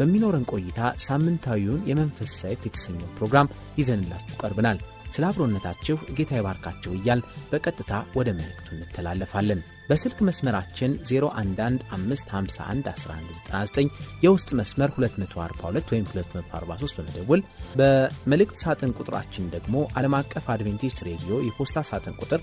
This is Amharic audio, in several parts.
በሚኖረን ቆይታ ሳምንታዊውን የመንፈስ ሳይት የተሰኘው ፕሮግራም ይዘንላችሁ ቀርብናል። ስለ አብሮነታችሁ ጌታ ይባርካችሁ እያል በቀጥታ ወደ መልእክቱ እንተላለፋለን። በስልክ መስመራችን 0115511199 የውስጥ መስመር 242 ወይም 243 በመደወል በመልእክት ሳጥን ቁጥራችን ደግሞ ዓለም አቀፍ አድቬንቲስት ሬዲዮ የፖስታ ሳጥን ቁጥር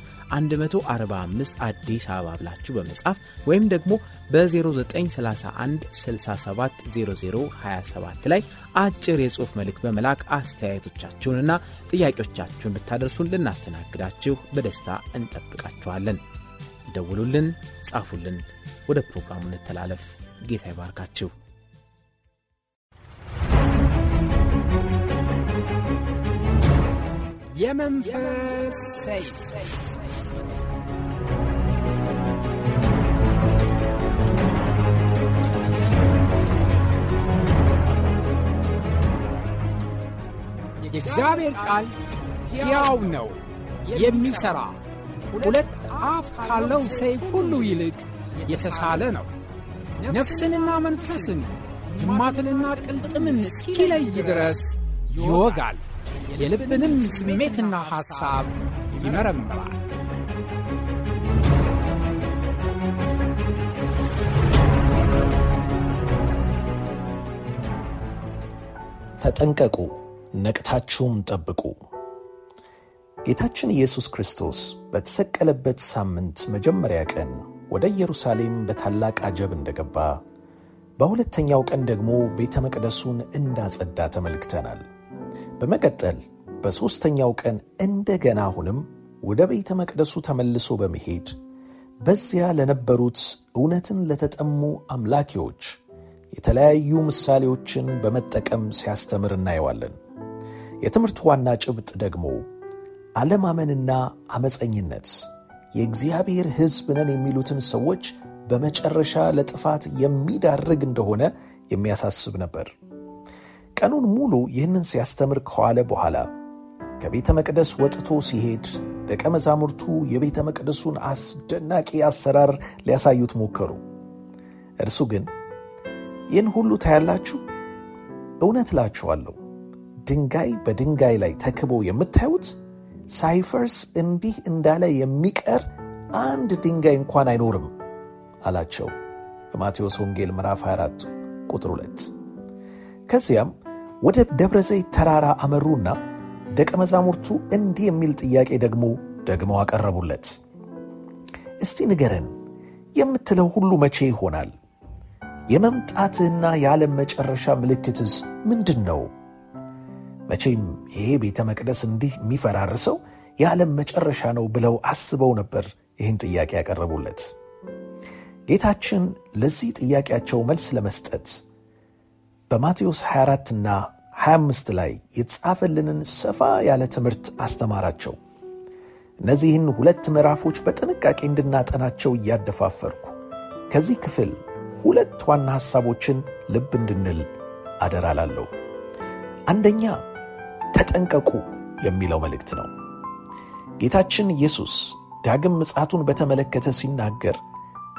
145 አዲስ አበባ ብላችሁ በመጻፍ ወይም ደግሞ በ0931 670027 ላይ አጭር የጽሑፍ መልእክት በመላክ አስተያየቶቻችሁንና ጥያቄዎቻችሁን ብታደርሱን ልናስተናግዳችሁ በደስታ እንጠብቃችኋለን። ደውሉልን፣ ጻፉልን። ወደ ፕሮግራሙ እንተላለፍ። ጌታ ይባርካችሁ። የመንፈስ ሰይፍ የእግዚአብሔር ቃል ሕያው ነው፣ የሚሠራ ሁለት አፍ ካለው ሰይፍ ሁሉ ይልቅ የተሳለ ነው፣ ነፍስንና መንፈስን ጅማትንና ቅልጥምን እስኪለይ ድረስ ይወጋል፣ የልብንም ስሜትና ሐሳብ ይመረምራል። ተጠንቀቁ ነቅታችሁም ጠብቁ። ጌታችን ኢየሱስ ክርስቶስ በተሰቀለበት ሳምንት መጀመሪያ ቀን ወደ ኢየሩሳሌም በታላቅ አጀብ እንደገባ፣ በሁለተኛው ቀን ደግሞ ቤተ መቅደሱን እንዳጸዳ ተመልክተናል። በመቀጠል በሦስተኛው ቀን እንደገና አሁንም ወደ ቤተ መቅደሱ ተመልሶ በመሄድ በዚያ ለነበሩት እውነትን ለተጠሙ አምላኪዎች የተለያዩ ምሳሌዎችን በመጠቀም ሲያስተምር እናየዋለን። የትምህርቱ ዋና ጭብጥ ደግሞ አለማመንና አመፀኝነት የእግዚአብሔር ሕዝብ ነን የሚሉትን ሰዎች በመጨረሻ ለጥፋት የሚዳርግ እንደሆነ የሚያሳስብ ነበር። ቀኑን ሙሉ ይህንን ሲያስተምር ከኋለ በኋላ ከቤተ መቅደስ ወጥቶ ሲሄድ ደቀ መዛሙርቱ የቤተ መቅደሱን አስደናቂ አሰራር ሊያሳዩት ሞከሩ። እርሱ ግን ይህን ሁሉ ታያላችሁ? እውነት እላችኋለሁ ድንጋይ በድንጋይ ላይ ተክቦ የምታዩት ሳይፈርስ እንዲህ እንዳለ የሚቀር አንድ ድንጋይ እንኳን አይኖርም አላቸው። በማቴዎስ ወንጌል ምዕራፍ 24 ቁጥር 2። ከዚያም ወደ ደብረ ዘይት ተራራ አመሩና ደቀ መዛሙርቱ እንዲህ የሚል ጥያቄ ደግሞ ደግሞ አቀረቡለት። እስቲ ንገረን የምትለው ሁሉ መቼ ይሆናል? የመምጣትህና የዓለም መጨረሻ ምልክትስ ምንድን ነው? መቼም ይሄ ቤተ መቅደስ እንዲህ የሚፈራርሰው የዓለም መጨረሻ ነው ብለው አስበው ነበር ይህን ጥያቄ ያቀረቡለት። ጌታችን ለዚህ ጥያቄያቸው መልስ ለመስጠት በማቴዎስ 24 እና 25 ላይ የተጻፈልንን ሰፋ ያለ ትምህርት አስተማራቸው። እነዚህን ሁለት ምዕራፎች በጥንቃቄ እንድናጠናቸው እያደፋፈርኩ ከዚህ ክፍል ሁለት ዋና ሐሳቦችን ልብ እንድንል አደራላለሁ። አንደኛ ተጠንቀቁ የሚለው መልእክት ነው። ጌታችን ኢየሱስ ዳግም ምጽአቱን በተመለከተ ሲናገር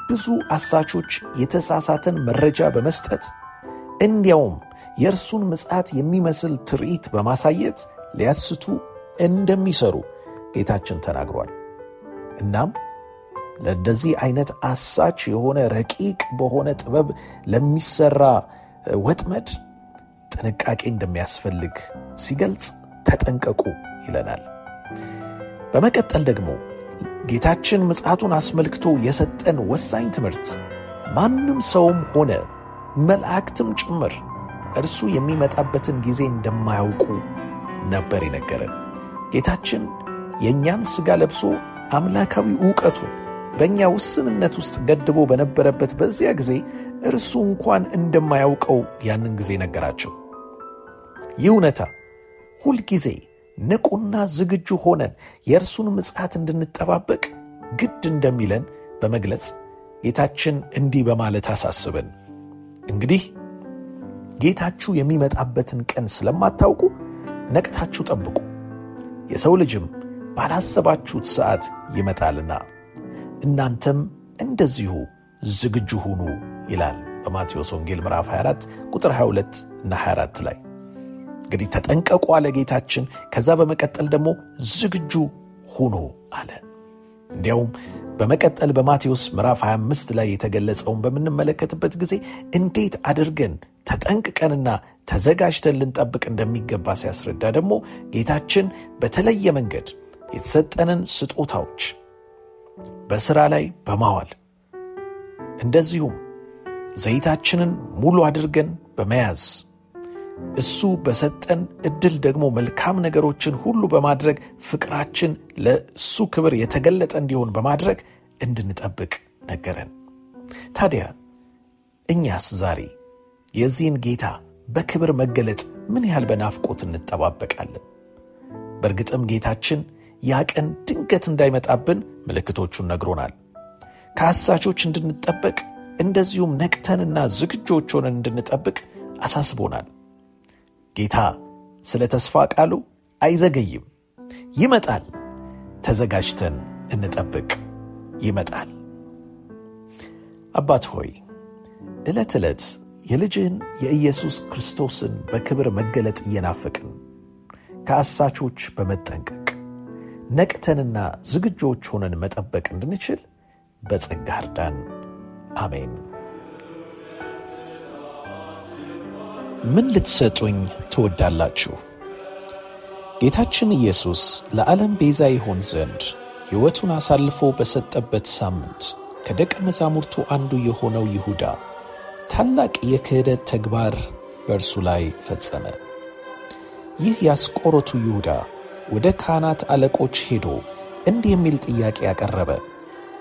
ብዙ አሳቾች የተሳሳተን መረጃ በመስጠት እንዲያውም የእርሱን ምጽአት የሚመስል ትርኢት በማሳየት ሊያስቱ እንደሚሰሩ ጌታችን ተናግሯል። እናም ለእንደዚህ አይነት አሳች የሆነ ረቂቅ በሆነ ጥበብ ለሚሰራ ወጥመድ ጥንቃቄ እንደሚያስፈልግ ሲገልጽ ተጠንቀቁ ይለናል። በመቀጠል ደግሞ ጌታችን ምጽአቱን አስመልክቶ የሰጠን ወሳኝ ትምህርት ማንም ሰውም ሆነ መላእክትም ጭምር እርሱ የሚመጣበትን ጊዜ እንደማያውቁ ነበር የነገረን። ጌታችን የእኛን ሥጋ ለብሶ አምላካዊ ዕውቀቱን በእኛ ውስንነት ውስጥ ገድቦ በነበረበት በዚያ ጊዜ እርሱ እንኳን እንደማያውቀው ያንን ጊዜ ነገራቸው። ይውነታ ሁልጊዜ ንቁና ዝግጁ ሆነን የእርሱን ምጽአት እንድንጠባበቅ ግድ እንደሚለን በመግለጽ ጌታችን እንዲህ በማለት አሳስበን፣ እንግዲህ ጌታችሁ የሚመጣበትን ቀን ስለማታውቁ ነቅታችሁ ጠብቁ፣ የሰው ልጅም ባላሰባችሁት ሰዓት ይመጣልና እናንተም እንደዚሁ ዝግጁ ሁኑ ይላል በማቴዎስ ወንጌል ምዕራፍ 24 ቁጥር 22 እና 24 ላይ። እንግዲህ ተጠንቀቁ አለ ጌታችን። ከዛ በመቀጠል ደግሞ ዝግጁ ሁኑ አለ። እንዲያውም በመቀጠል በማቴዎስ ምዕራፍ 25 ላይ የተገለጸውን በምንመለከትበት ጊዜ እንዴት አድርገን ተጠንቅቀንና ተዘጋጅተን ልንጠብቅ እንደሚገባ ሲያስረዳ ደግሞ ጌታችን በተለየ መንገድ የተሰጠንን ስጦታዎች በሥራ ላይ በማዋል እንደዚሁም ዘይታችንን ሙሉ አድርገን በመያዝ እሱ በሰጠን እድል ደግሞ መልካም ነገሮችን ሁሉ በማድረግ ፍቅራችን ለእሱ ክብር የተገለጠ እንዲሆን በማድረግ እንድንጠብቅ ነገረን። ታዲያ እኛስ ዛሬ የዚህን ጌታ በክብር መገለጥ ምን ያህል በናፍቆት እንጠባበቃለን? በእርግጥም ጌታችን ያ ቀን ድንገት እንዳይመጣብን ምልክቶቹን ነግሮናል። ከአሳቾች እንድንጠበቅ እንደዚሁም ነቅተንና ዝግጆች ሆነን እንድንጠብቅ አሳስቦናል። ጌታ ስለ ተስፋ ቃሉ አይዘገይም፣ ይመጣል። ተዘጋጅተን እንጠብቅ፣ ይመጣል። አባት ሆይ ዕለት ዕለት የልጅህን የኢየሱስ ክርስቶስን በክብር መገለጥ እየናፈቅን ከአሳቾች በመጠንቀቅ ነቅተንና ዝግጆች ሆነን መጠበቅ እንድንችል በጸጋ እርዳን። አሜን። ምን ልትሰጡኝ ትወዳላችሁ? ጌታችን ኢየሱስ ለዓለም ቤዛ ይሆን ዘንድ ሕይወቱን አሳልፎ በሰጠበት ሳምንት ከደቀ መዛሙርቱ አንዱ የሆነው ይሁዳ ታላቅ የክህደት ተግባር በእርሱ ላይ ፈጸመ። ይህ የአስቆሮቱ ይሁዳ ወደ ካህናት አለቆች ሄዶ እንዲህ የሚል ጥያቄ ያቀረበ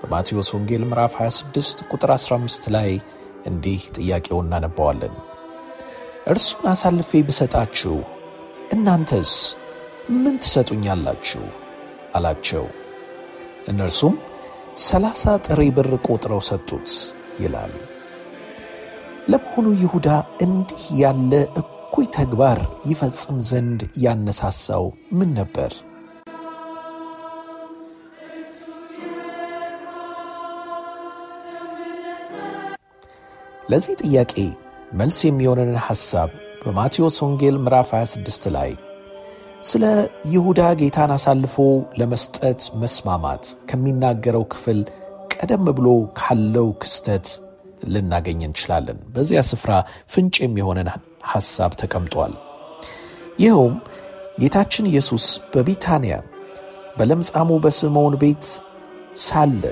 በማቴዎስ ወንጌል ምዕራፍ 26 ቁጥር 15 ላይ እንዲህ ጥያቄው እናነባዋለን። እርሱን አሳልፌ ብሰጣችሁ እናንተስ ምን ትሰጡኛላችሁ አላቸው። እነርሱም ሰላሳ ጥሬ ብር ቆጥረው ሰጡት ይላል። ለመሆኑ ይሁዳ እንዲህ ያለ እኩይ ተግባር ይፈጽም ዘንድ ያነሳሳው ምን ነበር? ለዚህ ጥያቄ መልስ የሚሆንን ሐሳብ በማቴዎስ ወንጌል ምዕራፍ 26 ላይ ስለ ይሁዳ ጌታን አሳልፎ ለመስጠት መስማማት ከሚናገረው ክፍል ቀደም ብሎ ካለው ክስተት ልናገኝ እንችላለን። በዚያ ስፍራ ፍንጭ የሚሆነን ሐሳብ ተቀምጧል። ይኸውም ጌታችን ኢየሱስ በቢታንያ በለምጻሙ በስምዖን ቤት ሳለ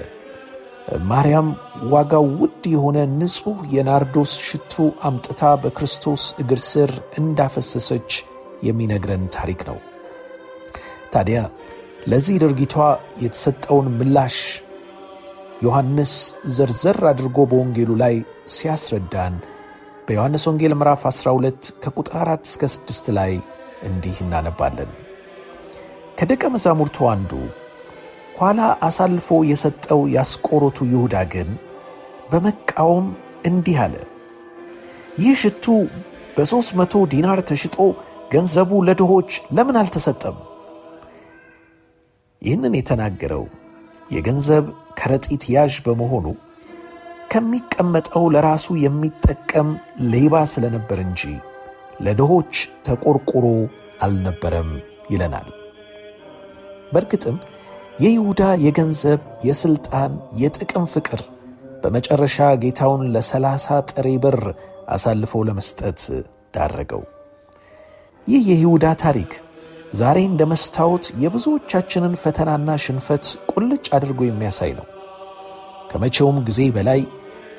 ማርያም ዋጋው ውድ የሆነ ንጹሕ የናርዶስ ሽቱ አምጥታ በክርስቶስ እግር ስር እንዳፈሰሰች የሚነግረን ታሪክ ነው። ታዲያ ለዚህ ድርጊቷ የተሰጠውን ምላሽ ዮሐንስ ዘርዘር አድርጎ በወንጌሉ ላይ ሲያስረዳን በዮሐንስ ወንጌል ምዕራፍ 12 ከቁጥር 4 እስከ 6 ላይ እንዲህ እናነባለን። ከደቀ መዛሙርቱ አንዱ ኋላ አሳልፎ የሰጠው ያስቆሮቱ ይሁዳ ግን በመቃወም እንዲህ አለ፣ ይህ ሽቱ በሦስት መቶ ዲናር ተሽጦ ገንዘቡ ለድሆች ለምን አልተሰጠም? ይህንን የተናገረው የገንዘብ ከረጢት ያዥ በመሆኑ ከሚቀመጠው ለራሱ የሚጠቀም ሌባ ስለነበር እንጂ ለድሆች ተቆርቁሮ አልነበረም ይለናል። በእርግጥም የይሁዳ የገንዘብ የሥልጣን የጥቅም ፍቅር በመጨረሻ ጌታውን ለሰላሳ ጥሬ ብር አሳልፎ ለመስጠት ዳረገው። ይህ የይሁዳ ታሪክ ዛሬ እንደ መስታወት የብዙዎቻችንን ፈተናና ሽንፈት ቁልጭ አድርጎ የሚያሳይ ነው። ከመቼውም ጊዜ በላይ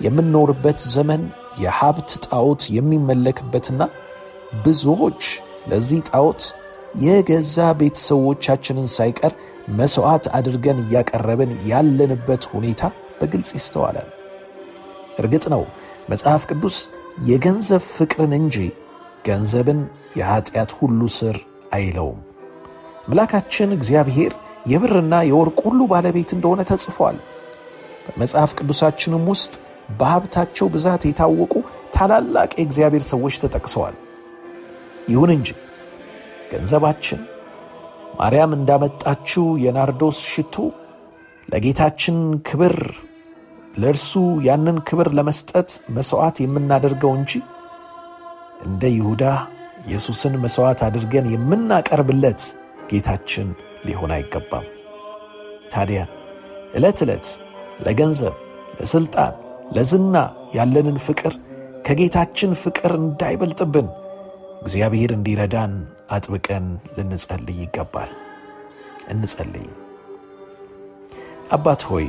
የምንኖርበት ዘመን የሀብት ጣዖት የሚመለክበትና ብዙዎች ለዚህ ጣዖት የገዛ ቤተሰቦቻችንን ሳይቀር መሥዋዕት አድርገን እያቀረብን ያለንበት ሁኔታ በግልጽ ይስተዋላል። እርግጥ ነው መጽሐፍ ቅዱስ የገንዘብ ፍቅርን እንጂ ገንዘብን የኀጢአት ሁሉ ስር አይለውም። አምላካችን እግዚአብሔር የብርና የወርቅ ሁሉ ባለቤት እንደሆነ ተጽፏል። በመጽሐፍ ቅዱሳችንም ውስጥ በሀብታቸው ብዛት የታወቁ ታላላቅ የእግዚአብሔር ሰዎች ተጠቅሰዋል። ይሁን እንጂ ገንዘባችን፣ ማርያም እንዳመጣችው የናርዶስ ሽቱ ለጌታችን ክብር ለእርሱ ያንን ክብር ለመስጠት መሥዋዕት የምናደርገው እንጂ እንደ ይሁዳ ኢየሱስን መሥዋዕት አድርገን የምናቀርብለት ጌታችን ሊሆን አይገባም። ታዲያ ዕለት ዕለት ለገንዘብ፣ ለሥልጣን፣ ለዝና ያለንን ፍቅር ከጌታችን ፍቅር እንዳይበልጥብን እግዚአብሔር እንዲረዳን አጥብቀን ልንጸልይ ይገባል። እንጸልይ። አባት ሆይ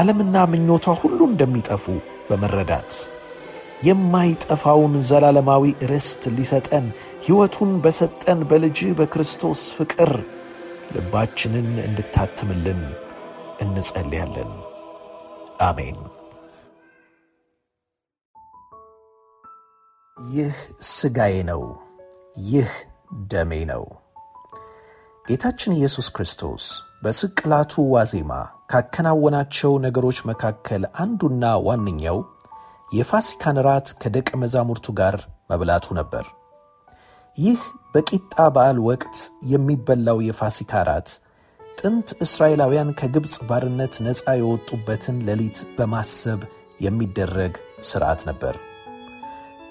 ዓለምና ምኞቷ ሁሉ እንደሚጠፉ በመረዳት የማይጠፋውን ዘላለማዊ ርስት ሊሰጠን ሕይወቱን በሰጠን በልጅ በክርስቶስ ፍቅር ልባችንን እንድታትምልን እንጸልያለን። አሜን። ይህ ሥጋዬ ነው። ይህ ደሜ ነው። ጌታችን ኢየሱስ ክርስቶስ በስቅላቱ ዋዜማ ካከናወናቸው ነገሮች መካከል አንዱና ዋነኛው የፋሲካን ራት ከደቀ መዛሙርቱ ጋር መብላቱ ነበር። ይህ በቂጣ በዓል ወቅት የሚበላው የፋሲካ ራት ጥንት እስራኤላውያን ከግብፅ ባርነት ነፃ የወጡበትን ሌሊት በማሰብ የሚደረግ ሥርዓት ነበር።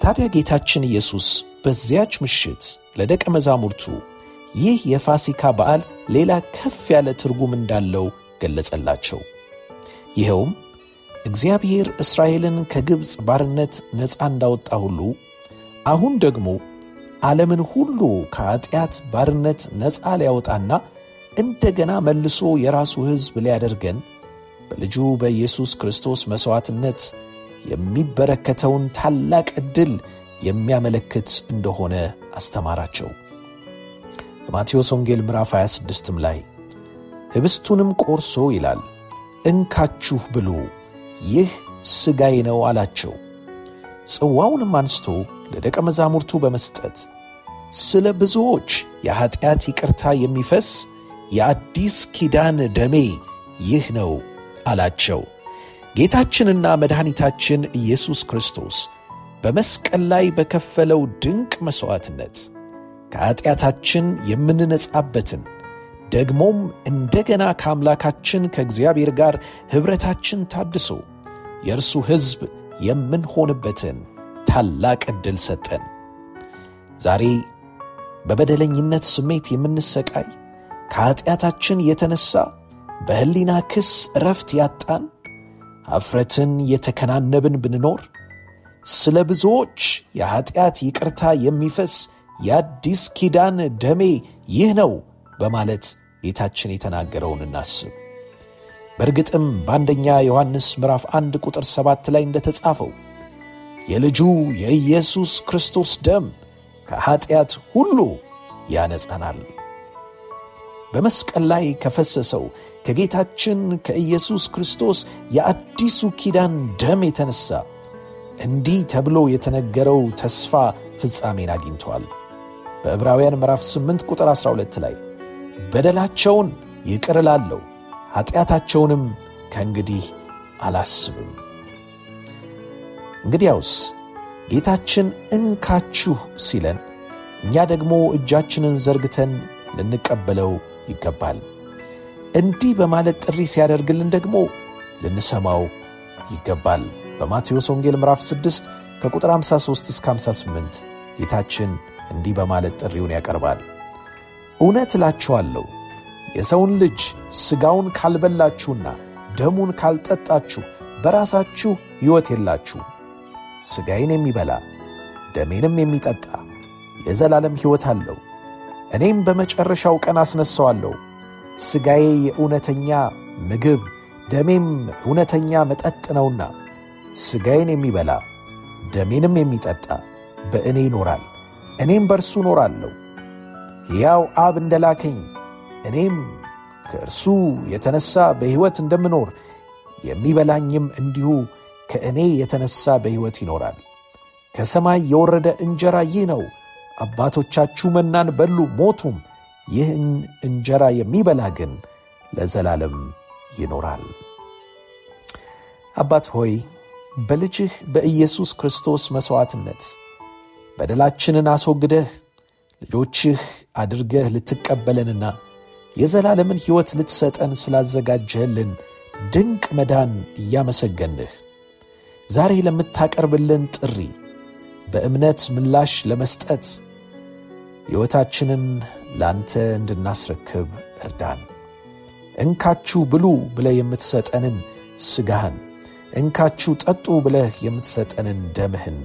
ታዲያ ጌታችን ኢየሱስ በዚያች ምሽት ለደቀ መዛሙርቱ ይህ የፋሲካ በዓል ሌላ ከፍ ያለ ትርጉም እንዳለው ገለጸላቸው። ይኸውም እግዚአብሔር እስራኤልን ከግብፅ ባርነት ነፃ እንዳወጣ ሁሉ አሁን ደግሞ ዓለምን ሁሉ ከኀጢአት ባርነት ነፃ ሊያወጣና እንደገና መልሶ የራሱ ሕዝብ ሊያደርገን በልጁ በኢየሱስ ክርስቶስ መሥዋዕትነት የሚበረከተውን ታላቅ ዕድል የሚያመለክት እንደሆነ አስተማራቸው። በማቴዎስ ወንጌል ምዕራፍ 26ም ላይ ኅብስቱንም ቆርሶ ይላል እንካችሁ ብሉ፣ ይህ ሥጋዬ ነው አላቸው። ጽዋውንም አንስቶ ለደቀ መዛሙርቱ በመስጠት ስለ ብዙዎች የኀጢአት ይቅርታ የሚፈስ የአዲስ ኪዳን ደሜ ይህ ነው አላቸው። ጌታችንና መድኃኒታችን ኢየሱስ ክርስቶስ በመስቀል ላይ በከፈለው ድንቅ መሥዋዕትነት ከኀጢአታችን የምንነጻበትን ደግሞም እንደገና ከአምላካችን ከእግዚአብሔር ጋር ኅብረታችን ታድሶ የእርሱ ሕዝብ የምንሆንበትን ታላቅ ዕድል ሰጠን። ዛሬ በበደለኝነት ስሜት የምንሰቃይ ከኀጢአታችን የተነሣ በሕሊና ክስ ረፍት ያጣን አፍረትን የተከናነብን ብንኖር ስለ ብዙዎች የኀጢአት ይቅርታ የሚፈስ የአዲስ ኪዳን ደሜ ይህ ነው በማለት ጌታችን የተናገረውን እናስብ። በእርግጥም በአንደኛ ዮሐንስ ምዕራፍ አንድ ቁጥር ሰባት ላይ እንደተጻፈው የልጁ የኢየሱስ ክርስቶስ ደም ከኀጢአት ሁሉ ያነጸናል። በመስቀል ላይ ከፈሰሰው ከጌታችን ከኢየሱስ ክርስቶስ የአዲሱ ኪዳን ደም የተነሳ እንዲህ ተብሎ የተነገረው ተስፋ ፍጻሜን አግኝተዋል። በዕብራውያን ምዕራፍ 8 ቁጥር 12 ላይ በደላቸውን ይቅር እላለሁ፣ ኃጢአታቸውንም ከእንግዲህ አላስብም። እንግዲያውስ ጌታችን እንካችሁ ሲለን እኛ ደግሞ እጃችንን ዘርግተን ልንቀበለው ይገባል። እንዲህ በማለት ጥሪ ሲያደርግልን ደግሞ ልንሰማው ይገባል። በማቴዎስ ወንጌል ምዕራፍ 6 ከቁጥር 53 እስከ 58 ጌታችን እንዲህ በማለት ጥሪውን ያቀርባል። እውነት እላችኋለሁ የሰውን ልጅ ሥጋውን ካልበላችሁና ደሙን ካልጠጣችሁ በራሳችሁ ሕይወት የላችሁ። ሥጋዬን የሚበላ ደሜንም የሚጠጣ የዘላለም ሕይወት አለው እኔም በመጨረሻው ቀን አስነሣዋለሁ። ሥጋዬ የእውነተኛ ምግብ ደሜም እውነተኛ መጠጥ ነውና ሥጋዬን የሚበላ ደሜንም የሚጠጣ በእኔ ይኖራል፣ እኔም በእርሱ እኖራለሁ። ሕያው አብ እንደላከኝ እኔም ከእርሱ የተነሣ በሕይወት እንደምኖር የሚበላኝም እንዲሁ ከእኔ የተነሣ በሕይወት ይኖራል። ከሰማይ የወረደ እንጀራ ይህ ነው። አባቶቻችሁ መናን በሉ ሞቱም፣ ይህን እንጀራ የሚበላ ግን ለዘላለም ይኖራል። አባት ሆይ በልጅህ በኢየሱስ ክርስቶስ መሥዋዕትነት በደላችንን አስወግደህ ልጆችህ አድርገህ ልትቀበለንና የዘላለምን ሕይወት ልትሰጠን ስላዘጋጀህልን ድንቅ መዳን እያመሰገንህ ዛሬ ለምታቀርብልን ጥሪ በእምነት ምላሽ ለመስጠት ሕይወታችንን ላንተ እንድናስረክብ እርዳን። እንካችሁ ብሉ ብለህ የምትሰጠንን ሥጋህን፣ እንካችሁ ጠጡ ብለህ የምትሰጠንን ደምህን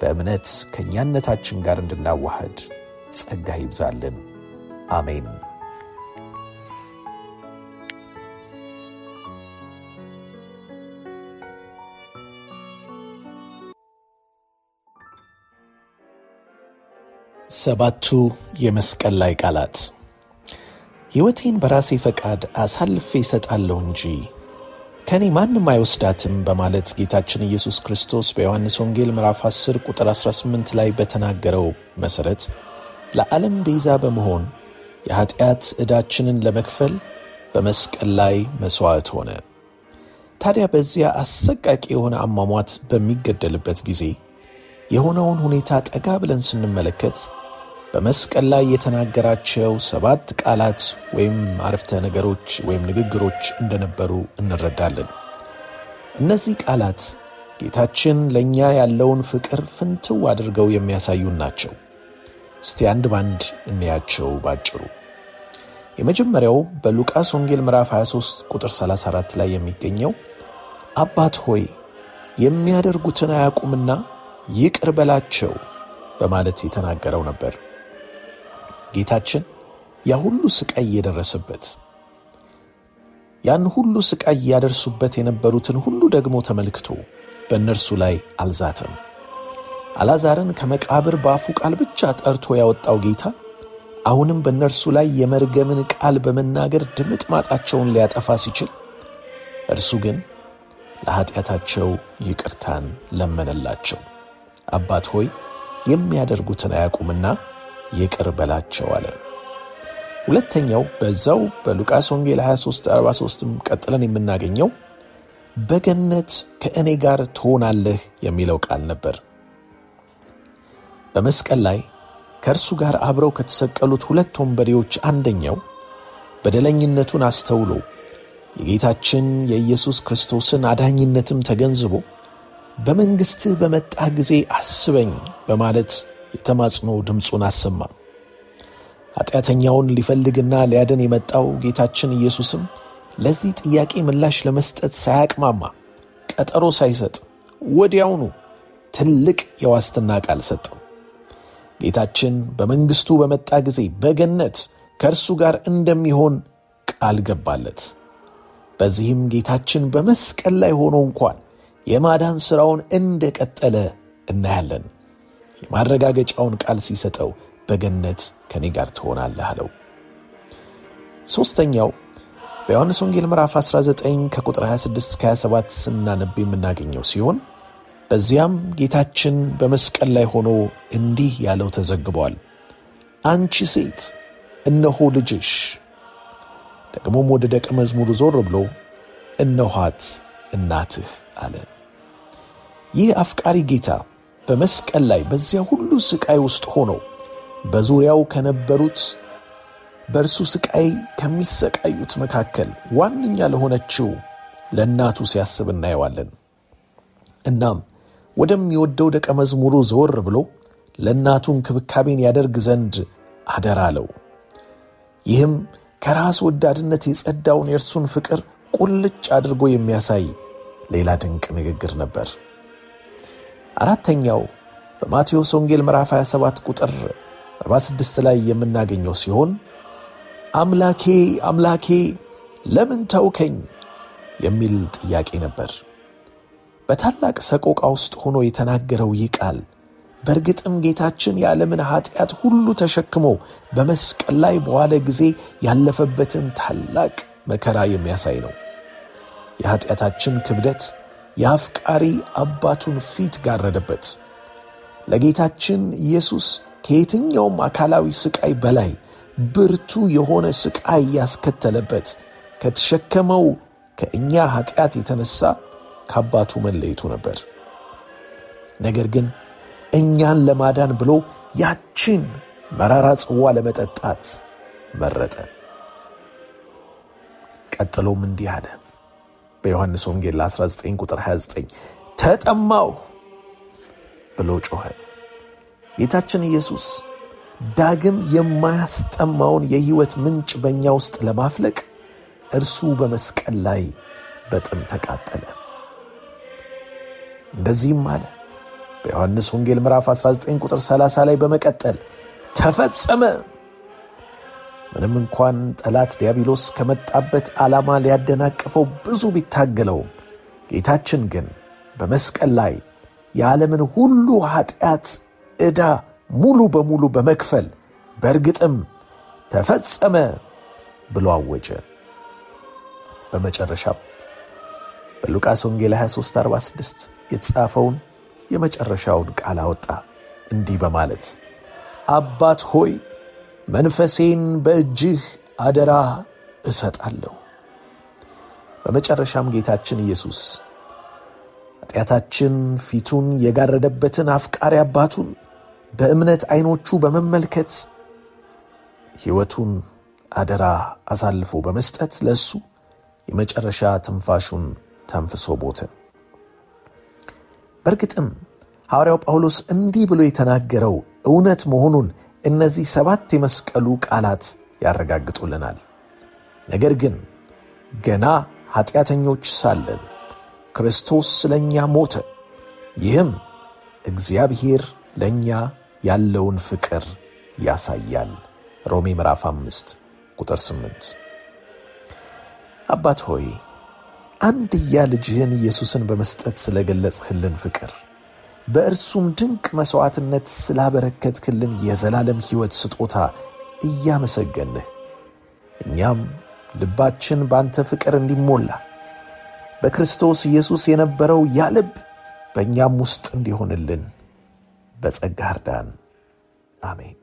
በእምነት ከእኛነታችን ጋር እንድናዋህድ ጸጋ ይብዛልን። አሜን። ሰባቱ የመስቀል ላይ ቃላት ሕይወቴን በራሴ ፈቃድ አሳልፌ ይሰጣለሁ እንጂ ከእኔ ማንም አይወስዳትም በማለት ጌታችን ኢየሱስ ክርስቶስ በዮሐንስ ወንጌል ምዕራፍ 10 ቁጥር 18 ላይ በተናገረው መሠረት ለዓለም ቤዛ በመሆን የኀጢአት ዕዳችንን ለመክፈል በመስቀል ላይ መሥዋዕት ሆነ። ታዲያ በዚያ አሰቃቂ የሆነ አሟሟት በሚገደልበት ጊዜ የሆነውን ሁኔታ ጠጋ ብለን ስንመለከት በመስቀል ላይ የተናገራቸው ሰባት ቃላት ወይም አረፍተ ነገሮች ወይም ንግግሮች እንደነበሩ እንረዳለን። እነዚህ ቃላት ጌታችን ለእኛ ያለውን ፍቅር ፍንትው አድርገው የሚያሳዩን ናቸው። እስቲ አንድ ባንድ እንያቸው ባጭሩ። የመጀመሪያው በሉቃስ ወንጌል ምዕራፍ 23 ቁጥር 34 ላይ የሚገኘው አባት ሆይ የሚያደርጉትን አያውቁምና ይቅር በላቸው በማለት የተናገረው ነበር። ጌታችን ያ ሁሉ ስቃይ የደረሰበት ያን ሁሉ ስቃይ ያደርሱበት የነበሩትን ሁሉ ደግሞ ተመልክቶ በእነርሱ ላይ አልዛተም። አላዛርን ከመቃብር በአፉ ቃል ብቻ ጠርቶ ያወጣው ጌታ አሁንም በእነርሱ ላይ የመርገምን ቃል በመናገር ድምጥ ማጣቸውን ሊያጠፋ ሲችል፣ እርሱ ግን ለኀጢአታቸው ይቅርታን ለመነላቸው። አባት ሆይ የሚያደርጉትን አያቁምና። ይቅር በላቸው አለ። ሁለተኛው በዛው በሉቃስ ወንጌል 2343 ቀጥለን የምናገኘው በገነት ከእኔ ጋር ትሆናለህ የሚለው ቃል ነበር። በመስቀል ላይ ከእርሱ ጋር አብረው ከተሰቀሉት ሁለት ወንበዴዎች አንደኛው በደለኝነቱን አስተውሎ የጌታችን የኢየሱስ ክርስቶስን አዳኝነትም ተገንዝቦ በመንግሥትህ በመጣ ጊዜ አስበኝ በማለት የተማጽኖ ድምፁን አሰማ። ኃጢአተኛውን ሊፈልግና ሊያድን የመጣው ጌታችን ኢየሱስም ለዚህ ጥያቄ ምላሽ ለመስጠት ሳያቅማማ ቀጠሮ ሳይሰጥ ወዲያውኑ ትልቅ የዋስትና ቃል ሰጠ። ጌታችን በመንግሥቱ በመጣ ጊዜ በገነት ከእርሱ ጋር እንደሚሆን ቃል ገባለት። በዚህም ጌታችን በመስቀል ላይ ሆኖ እንኳን የማዳን ሥራውን እንደቀጠለ እናያለን። የማረጋገጫውን ቃል ሲሰጠው በገነት ከኔ ጋር ትሆናለህ አለው። ሦስተኛው በዮሐንስ ወንጌል ምዕራፍ 19 ከቁጥር 26 27 ስናነብ የምናገኘው ሲሆን በዚያም ጌታችን በመስቀል ላይ ሆኖ እንዲህ ያለው ተዘግቧል። አንቺ ሴት እነሆ ልጅሽ። ደግሞም ወደ ደቀ መዝሙሩ ዞር ብሎ እነኋት እናትህ አለ። ይህ አፍቃሪ ጌታ በመስቀል ላይ በዚያ ሁሉ ስቃይ ውስጥ ሆኖ በዙሪያው ከነበሩት በእርሱ ስቃይ ከሚሰቃዩት መካከል ዋነኛ ለሆነችው ለእናቱ ሲያስብ እናየዋለን። እናም ወደሚወደው ደቀ መዝሙሩ ዘወር ብሎ ለእናቱ እንክብካቤን ያደርግ ዘንድ አደራ አለው። ይህም ከራስ ወዳድነት የጸዳውን የእርሱን ፍቅር ቁልጭ አድርጎ የሚያሳይ ሌላ ድንቅ ንግግር ነበር። አራተኛው በማቴዎስ ወንጌል ምዕራፍ 27 ቁጥር 46 ላይ የምናገኘው ሲሆን አምላኬ አምላኬ ለምን ተውከኝ የሚል ጥያቄ ነበር። በታላቅ ሰቆቃ ውስጥ ሆኖ የተናገረው ይህ ቃል በእርግጥም ጌታችን የዓለምን ኃጢአት ሁሉ ተሸክሞ በመስቀል ላይ በዋለ ጊዜ ያለፈበትን ታላቅ መከራ የሚያሳይ ነው። የኃጢአታችን ክብደት የአፍቃሪ አባቱን ፊት ጋረደበት። ለጌታችን ኢየሱስ ከየትኛውም አካላዊ ስቃይ በላይ ብርቱ የሆነ ስቃይ ያስከተለበት ከተሸከመው ከእኛ ኃጢአት የተነሳ ከአባቱ መለየቱ ነበር። ነገር ግን እኛን ለማዳን ብሎ ያችን መራራ ጽዋ ለመጠጣት መረጠ። ቀጥሎም እንዲህ አለ። በዮሐንስ ወንጌል 19 ቁጥር 29 ተጠማው ብሎ ጮኸ። ጌታችን ኢየሱስ ዳግም የማያስጠማውን የሕይወት ምንጭ በእኛ ውስጥ ለማፍለቅ እርሱ በመስቀል ላይ በጥም ተቃጠለ። እንደዚህም አለ በዮሐንስ ወንጌል ምዕራፍ 19 ቁጥር 30 ላይ በመቀጠል ተፈጸመ ምንም እንኳን ጠላት ዲያብሎስ ከመጣበት ዓላማ ሊያደናቅፈው ብዙ ቢታገለውም ጌታችን ግን በመስቀል ላይ የዓለምን ሁሉ ኃጢአት ዕዳ ሙሉ በሙሉ በመክፈል በእርግጥም ተፈጸመ ብሎ አወጀ። በመጨረሻም በሉቃስ ወንጌል 2346 የተጻፈውን የመጨረሻውን ቃል አወጣ እንዲህ በማለት አባት ሆይ መንፈሴን በእጅህ አደራ እሰጣለሁ። በመጨረሻም ጌታችን ኢየሱስ ኃጢአታችን ፊቱን የጋረደበትን አፍቃሪ አባቱን በእምነት ዐይኖቹ በመመልከት ሕይወቱን አደራ አሳልፎ በመስጠት ለእሱ የመጨረሻ ትንፋሹን ተንፍሶ ቦተ። በእርግጥም ሐዋርያው ጳውሎስ እንዲህ ብሎ የተናገረው እውነት መሆኑን እነዚህ ሰባት የመስቀሉ ቃላት ያረጋግጡልናል። ነገር ግን ገና ኃጢአተኞች ሳለን ክርስቶስ እኛ ሞተ። ይህም እግዚአብሔር ለእኛ ያለውን ፍቅር ያሳያል። ሮሜ ምዕራፍ 5 ቁጥር 8። አባት ሆይ አንድያ ልጅህን ኢየሱስን በመስጠት ስለገለጽህልን ፍቅር በእርሱም ድንቅ መሥዋዕትነት ስላበረከትክልን የዘላለም ሕይወት ስጦታ እያመሰገንህ እኛም ልባችን በአንተ ፍቅር እንዲሞላ በክርስቶስ ኢየሱስ የነበረው ያ ልብ በእኛም ውስጥ እንዲሆንልን በጸጋ እርዳን። አሜን።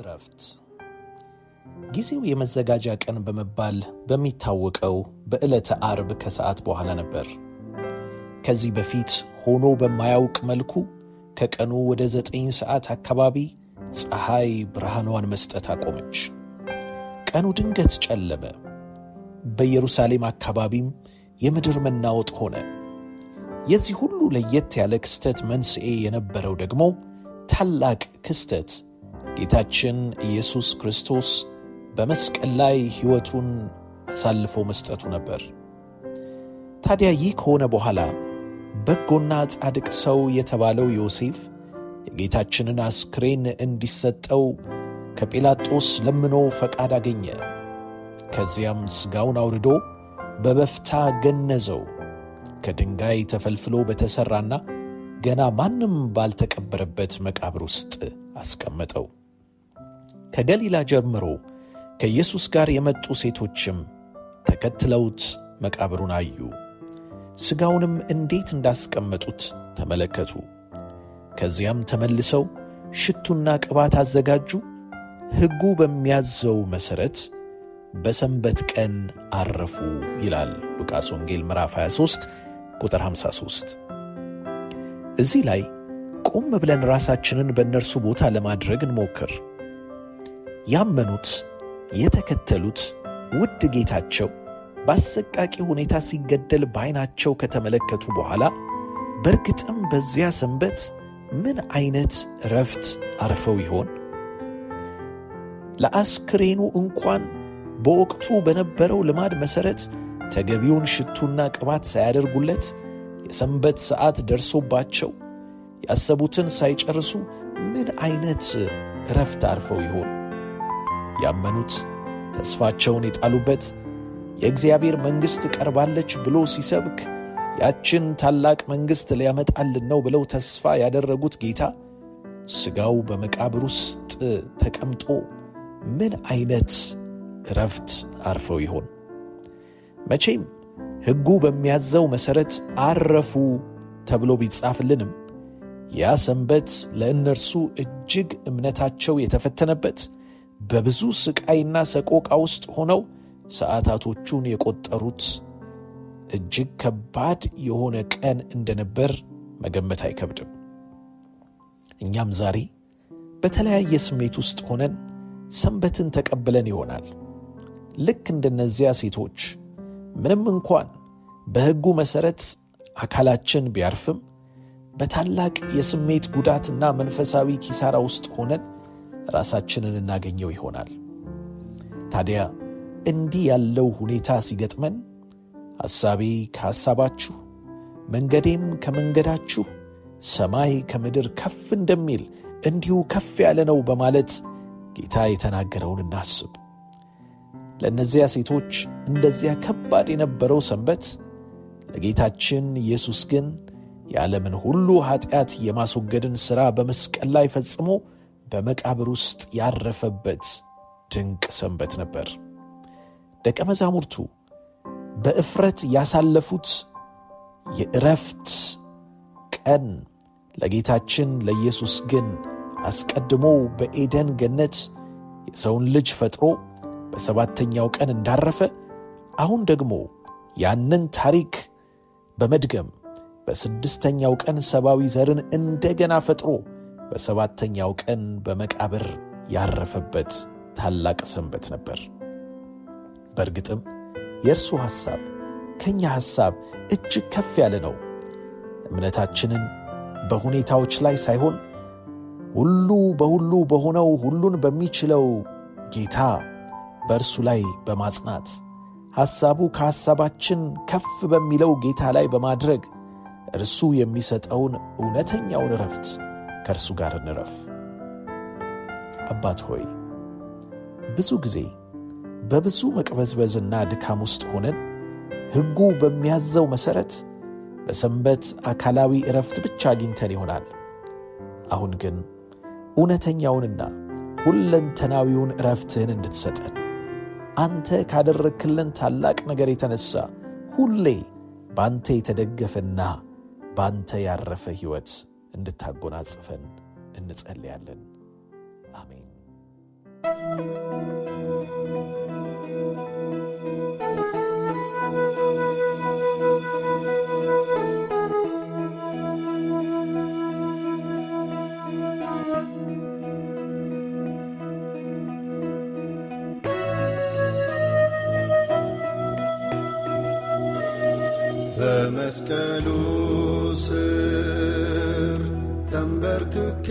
እረፍት ጊዜው የመዘጋጃ ቀን በመባል በሚታወቀው በዕለተ አርብ ከሰዓት በኋላ ነበር። ከዚህ በፊት ሆኖ በማያውቅ መልኩ ከቀኑ ወደ ዘጠኝ ሰዓት አካባቢ ፀሐይ ብርሃኗን መስጠት አቆመች። ቀኑ ድንገት ጨለመ። በኢየሩሳሌም አካባቢም የምድር መናወጥ ሆነ። የዚህ ሁሉ ለየት ያለ ክስተት መንስኤ የነበረው ደግሞ ታላቅ ክስተት ጌታችን ኢየሱስ ክርስቶስ በመስቀል ላይ ሕይወቱን አሳልፎ መስጠቱ ነበር። ታዲያ ይህ ከሆነ በኋላ በጎና ጻድቅ ሰው የተባለው ዮሴፍ የጌታችንን አስክሬን እንዲሰጠው ከጲላጦስ ለምኖ ፈቃድ አገኘ። ከዚያም ሥጋውን አውርዶ በበፍታ ገነዘው። ከድንጋይ ተፈልፍሎ በተሠራና ገና ማንም ባልተቀበረበት መቃብር ውስጥ አስቀመጠው። ከገሊላ ጀምሮ ከኢየሱስ ጋር የመጡ ሴቶችም ተከትለውት መቃብሩን አዩ። ሥጋውንም እንዴት እንዳስቀመጡት ተመለከቱ። ከዚያም ተመልሰው ሽቱና ቅባት አዘጋጁ። ሕጉ በሚያዘው መሠረት በሰንበት ቀን አረፉ ይላል ሉቃስ ወንጌል ምዕራፍ 23 ቁጥር 53። እዚህ ላይ ቆም ብለን ራሳችንን በእነርሱ ቦታ ለማድረግ እንሞክር። ያመኑት የተከተሉት ውድ ጌታቸው በአሰቃቂ ሁኔታ ሲገደል በዓይናቸው ከተመለከቱ በኋላ በእርግጥም በዚያ ሰንበት ምን አይነት እረፍት አርፈው ይሆን? ለአስክሬኑ እንኳን በወቅቱ በነበረው ልማድ መሠረት ተገቢውን ሽቱና ቅባት ሳያደርጉለት የሰንበት ሰዓት ደርሶባቸው ያሰቡትን ሳይጨርሱ ምን አይነት እረፍት አርፈው ይሆን? ያመኑት ተስፋቸውን የጣሉበት የእግዚአብሔር መንግሥት ቀርባለች ብሎ ሲሰብክ ያችን ታላቅ መንግሥት ሊያመጣልን ነው ብለው ተስፋ ያደረጉት ጌታ ሥጋው በመቃብር ውስጥ ተቀምጦ ምን አይነት እረፍት አርፈው ይሆን? መቼም ሕጉ በሚያዘው መሠረት አረፉ ተብሎ ቢጻፍልንም ያ ሰንበት ለእነርሱ እጅግ እምነታቸው የተፈተነበት በብዙ ሥቃይና ሰቆቃ ውስጥ ሆነው ሰዓታቶቹን የቆጠሩት እጅግ ከባድ የሆነ ቀን እንደነበር መገመት አይከብድም። እኛም ዛሬ በተለያየ ስሜት ውስጥ ሆነን ሰንበትን ተቀብለን ይሆናል። ልክ እንደነዚያ ሴቶች ምንም እንኳን በሕጉ መሠረት አካላችን ቢያርፍም በታላቅ የስሜት ጉዳትና መንፈሳዊ ኪሳራ ውስጥ ሆነን ራሳችንን እናገኘው ይሆናል። ታዲያ እንዲህ ያለው ሁኔታ ሲገጥመን ሐሳቤ ከሐሳባችሁ መንገዴም ከመንገዳችሁ ሰማይ ከምድር ከፍ እንደሚል እንዲሁ ከፍ ያለ ነው በማለት ጌታ የተናገረውን እናስብ። ለእነዚያ ሴቶች እንደዚያ ከባድ የነበረው ሰንበት ለጌታችን ኢየሱስ ግን የዓለምን ሁሉ ኀጢአት የማስወገድን ሥራ በመስቀል ላይ ፈጽሞ በመቃብር ውስጥ ያረፈበት ድንቅ ሰንበት ነበር። ደቀ መዛሙርቱ በእፍረት ያሳለፉት የእረፍት ቀን ለጌታችን ለኢየሱስ ግን አስቀድሞ በኤደን ገነት የሰውን ልጅ ፈጥሮ በሰባተኛው ቀን እንዳረፈ አሁን ደግሞ ያንን ታሪክ በመድገም በስድስተኛው ቀን ሰብአዊ ዘርን እንደገና ፈጥሮ በሰባተኛው ቀን በመቃብር ያረፈበት ታላቅ ሰንበት ነበር። በእርግጥም የእርሱ ሐሳብ ከእኛ ሐሳብ እጅግ ከፍ ያለ ነው። እምነታችንን በሁኔታዎች ላይ ሳይሆን ሁሉ በሁሉ በሆነው ሁሉን በሚችለው ጌታ በእርሱ ላይ በማጽናት ሐሳቡ ከሐሳባችን ከፍ በሚለው ጌታ ላይ በማድረግ እርሱ የሚሰጠውን እውነተኛውን እረፍት ከእርሱ ጋር እንረፍ። አባት ሆይ ብዙ ጊዜ በብዙ መቅበዝበዝና ድካም ውስጥ ሆነን ሕጉ በሚያዘው መሠረት በሰንበት አካላዊ እረፍት ብቻ አግኝተን ይሆናል። አሁን ግን እውነተኛውንና ሁለንተናዊውን ዕረፍትህን እንድትሰጠን አንተ ካደረግክልን ታላቅ ነገር የተነሣ ሁሌ በአንተ የተደገፈና በአንተ ያረፈ ሕይወት እንድታጎናጽፈን እንጸልያለን። አሜን። በመስቀሉ ስር ተንበርክኬ